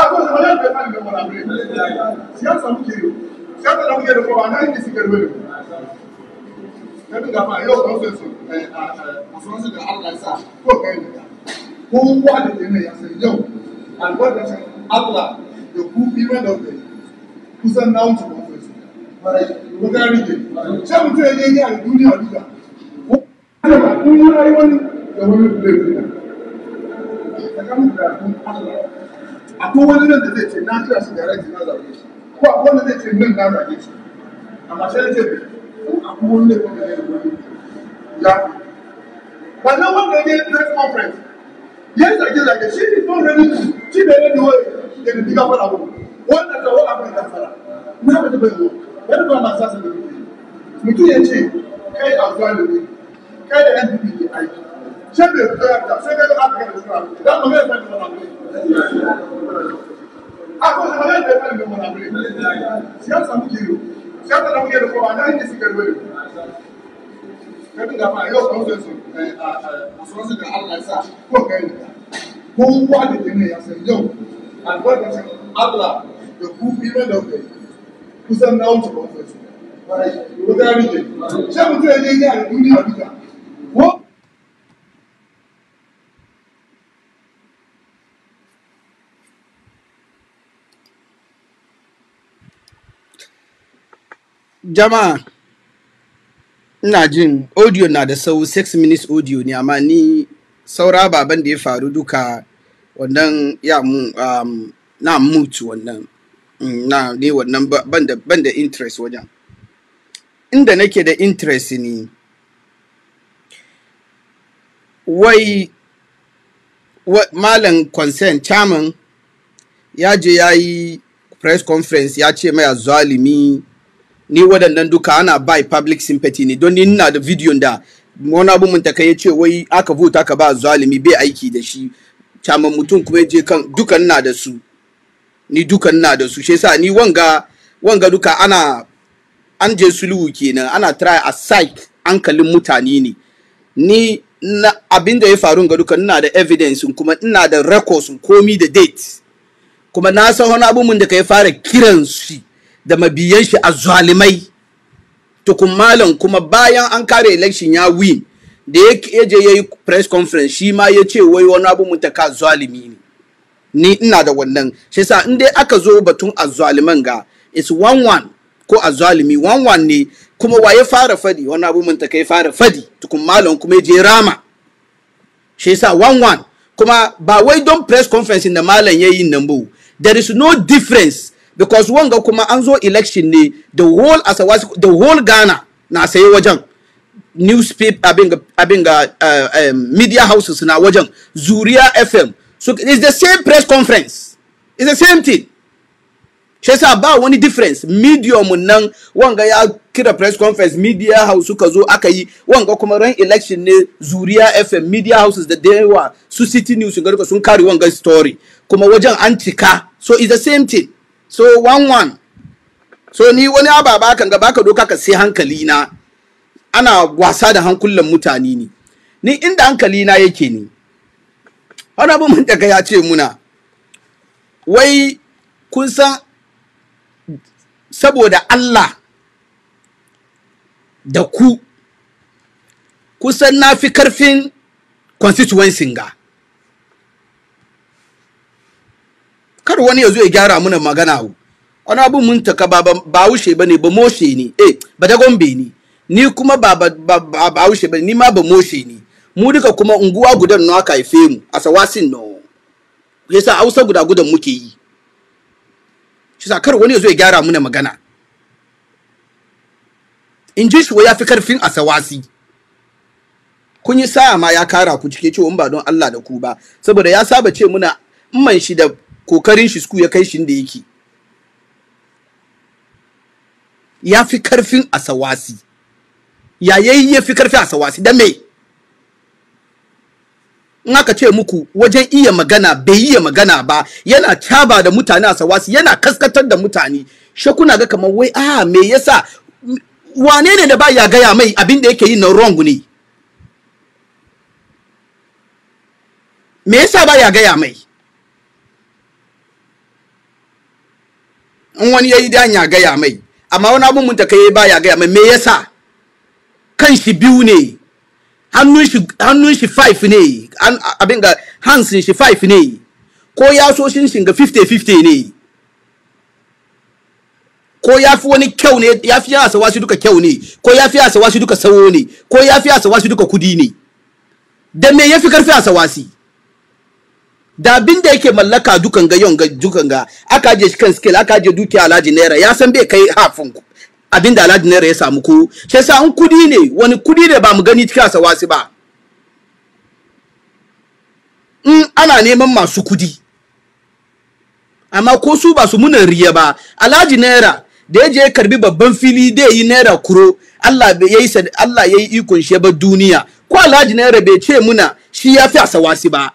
Akwai wani da kan da wani siyasa muke yi, siyasa da muke da kowa na inda da rubutu. Na bin gafa yau kan sai su kasuwansu da Allah ya sa ko kai da kowa da ke nan ya san yau albarkacin Allah da ku iman da kai kusan na wuce kan sai su. Ko ka rike, sai mutum ya yi a duniya duka. Ko ka rike, kun yi rayuwar da wani da ya kamun karatun asura akwai wani da zai ce na kira su da rai na zaɓe ko akwai wanda zai ce nan na zaɓe shi amma sai ce akwai wani ne kuma da ya yi ya wannan wanda ya yi press conference ya yi zage zage shi ne don rani shi da ne wai da ya diga fara wani wanda ta wani abin da fara na ba bai zo wani ba na sasa da mutum ya ce kai a zuwa da ne kai da yan dubi ke aiki ṣé mi ò fẹ́ ẹ̀ka ṣé mi ò fẹ́ ẹ̀ka ṣé mi ò fẹ́ ẹ̀ka ṣé mi ò Kowa da ke ne ya san yau, albarkacin Allah da ku ime da ku kusan na wuce kwanfesu. Ba ya yi, ko gari ne, shi mutum ya je yi a duniya duka. jama'a ina jin audio na da sau 6 minutes audio ne amma ni saura baban da ya faru duka wannan ya mu um, na mutu wannan mm, na ne wannan ban da interest wajen inda nake da interest ne wai malam concern chairman ya je ya yi press conference ya ce mai zalimi ni waɗannan duka ana buy public sympathy ne don ni ina da bidiyon da wani abu mun takai ya ce wai aka vote aka ba zalimi bai aiki da shi caman mutum kuma je kan dukan na da su ni dukan na da su shi yasa ni wanga wanga duka ana an je sulhu kenan ana try a psych ankalin mutane ne ni na abin da ya faru ga duka ina da evidence kuma ina da records komi da date kuma na san wani abu mun da kai fara kiran shi da mabiyan shi azzalimai tukun malam kuma bayan an kare election ya win da ya je yayi press conference shi ma ya ce wai wani abu mutaka zalimi ne ni ina da wannan shi yasa in dai aka zo batun azzaliman ga is one one ko azzalimi one one ne kuma waye fara fadi wani abu mun ya fara fadi tukun malam kuma ya je rama shi yasa one one kuma ba wai don press conference da malam yayi nan ba there is no difference because wanga kuma an zo election ne the whole asawasi the whole Ghana na saye wajen newspaper abin abin ga uh, um, media houses na wajen Zuriya FM so it's the same press conference it's the same thing shi ba wani difference medium nan wanga ya kira press conference media house suka zo aka yi wanga kuma ran election ne zuriya fm media houses da dewa su city news ga sun kare wanga story kuma wajen an cika so it's the same thing so one one so ni wani ababa kan ga baka doka ka sai hankali na ana wasa da hankulan mutane ne ni inda hankali na yake ni honorable muntaka ya ce muna wai kun san saboda Allah da ku kusan na fi karfin constituency ga kar wani ya zo ya gyara mana magana hu wani abu mun taka ba bawushe ba ne ba moshe ne eh ba da gombe ne ni kuma ba bawushe ba ni ma ba moshe ne mu duka kuma unguwa gudan na aka haife mu a sawasin no yasa hausa guda gudan muke yi shi sa kar wani ya zo ya gyara mana magana in ji shi ya fi karfin sawasi kun yi sa'a ma ya kara ku cike cewa ba don Allah da ku ba saboda ya saba ce muna man shi da kokarin shi suku ya kai shi da yake ya fi karfin asawasi ya yayi ya fi karfin asawasi da me in aka ce muku wajen iya magana bai iya magana ba yana caba da mutane asawasi yana kaskatar da mutane shi kuna ga kamar wai a ah, me yasa wane ne da ba ya gaya mai abin da yake yi na wrong ne me yasa ba ya gaya mai in wani yayi da ya gaya mai amma wani abun mun kai ya gaya mai me yasa kan shi biyu ne hannun shi hannun shi 5 ne abin ga hands shi 5 ne ko yasoshin shi ga 50 50 ne ko ya fi wani kyau ne ya fi yana sawa shi duka kyau ne ko ya fi yana sawa shi duka sawo ne ko ya fi yana sawa shi duka kudi ne da me ya fi karfi a sawasi da abin da yake mallaka dukan ga ga dukan ga aka je kan skill aka je dukiya alhaji naira ya san bai kai hafin abin da alhaji naira ya samu ko shi sa an kudi ne wani kudi ne ba mu gani cikin asawasi ba in ana neman masu kudi amma ko su ba su munan riya ba alhaji naira da ya je ya karbi babban fili da yi naira kuro Allah ya yi Allah ya yi ikon shi ba duniya ko alhaji naira bai ce muna shi ya fi asawasi ba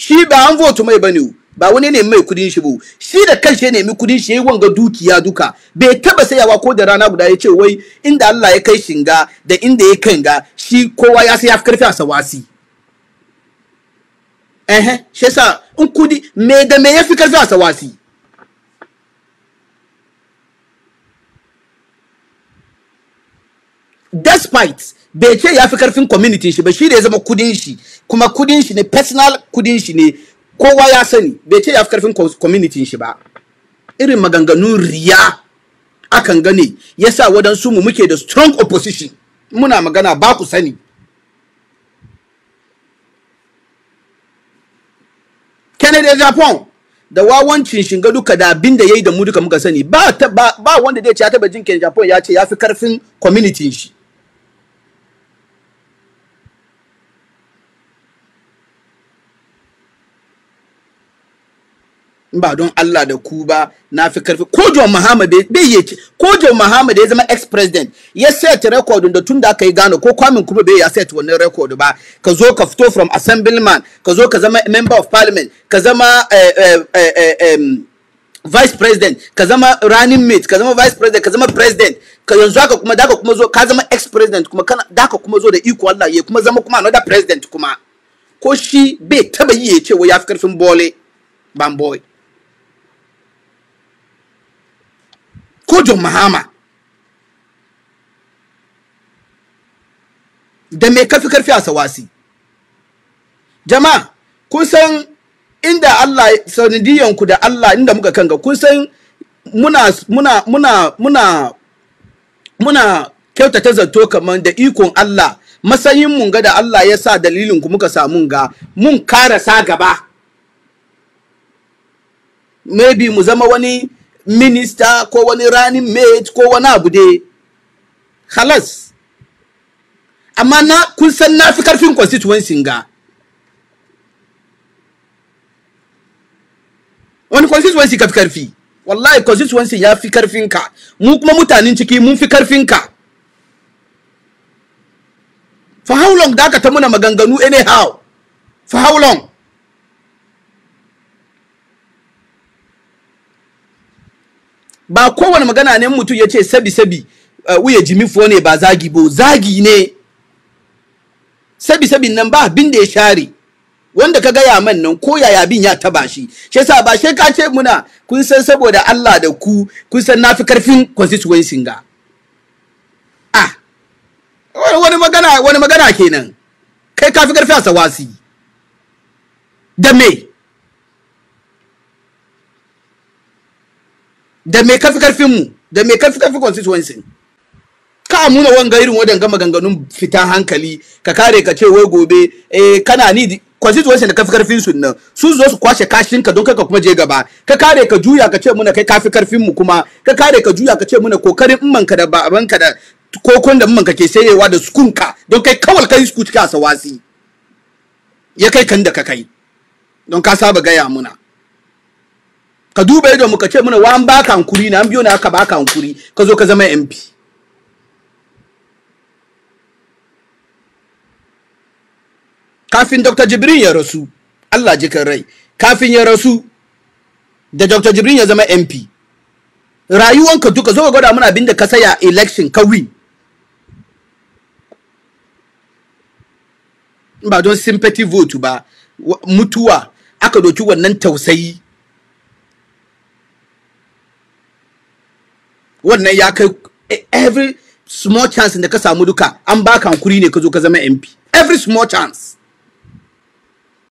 shi ba an voto mai bane ba wani ne mai kudin shi ba shi da kanshi ya nemi kudin shi yi wanga dukiya duka bai taba sayawa ko da rana guda ya ce wai inda Allah ya kai shinga da inda ya kai ga shi kowa ya sai ya karfi a sawasi eh shi in kudi me da me ya fi karfi a sawasi despite bai ce ya fi karfin community shi ba shi da ya zama kudin shi kuma kudin shi ne personal kudin shi ne kowa ya sani bai ce ya fi karfin community shi ba irin maganganun riya akan gane yasa wadansu mu muke da strong opposition muna magana ba ku sani Kennedy Japan da wawancin shinga duka da abin da yayi da mu duka muka sani ba wanda zai ce ya taba jin Kennedy Japan ya ce ya fi karfin community shi ba don Allah da ku ba na fi karfi ko John Muhammad bai yi ko John Muhammad ya zama ex president ya set record da tun da aka yi gano ko kwamin kuma bai ya set wannan record ba ka zo ka fito from assemblyman ka zo ka zama member of parliament ka zama eh, eh, eh, vice president ka zama running mate ka zama vice president ka zama president ka yanzu haka kuma daga kuma zo ka zama ex president kuma kana daga kuma zo da iko Allah ya kuma zama kuma another president kuma ko shi bai taba yi ya ce wai ya fi karfin bole bamboy ko John Mahama da me kafi karfi a sawasi jama'a kun san inda Allah sanadiyan ku da Allah inda muka kanga kun san muna muna muna muna muna kyautata zato kaman da ikon Allah masayin mun ga da Allah ya sa dalilin ku muka samu ga mun karasa gaba maybe mu zama wani minista ko wani running mate ko wani abu dai halas amma na kun san na fi karfin constituency ga wani constituency ka fi karfi wallahi constituency ya fi karfin ka mu kuma mutanen ciki mun fi karfin ka for how long da aka ta muna maganganu anyhow for how long ba kowane magana ne mutum ya ce sabi sabi eh, uya jimi fuwa ne ba zagi bo zagi ne sabi sabi nan ba abin da ya share wanda ka gaya man nan ko yaya bin ya taba shi shi yasa ba shi ka ce muna kun san saboda Allah da ku kun san nafi karfin constituency ga ah wani magana wani magana kenan kai kafi karfi a sawasi da me da me kafi karfin mu da me kafi karfi constituency ka amuna wanga irin wadan gama ganganun fitan hankali ka kare ka ce wai gobe eh kana ni constituency da kafi karfin su nan su zo su kwashe kashin ka don kai ka kuma je gaba ka kare ka juya ka ce muna kai kafi karfin mu kuma ka kare ka juya ka ce muna kokarin imman ka da baban ka da kokon da imman ka ke sayewa da sukun ka don kai kawal kai su ka sawasi ya kai kan da ka kai don ka saba gaya muna ka duba yadda muka ce muna wa an baka hankuri na an biyo na aka baka hankuri ka zo ka zama MP kafin Dr. Jibrin ya rasu Allah jikan rai kafin ya rasu da Dr. Jibrin ya zama MP rayuwanka duka zo ka gwada mana abinda ka saya election ka win ba don sympathy vote ba mutuwa aka doki wannan tausayi wannan ya kai every small chance da ka samu duka an baka hankuri ne ka zo ka zama MP every small chance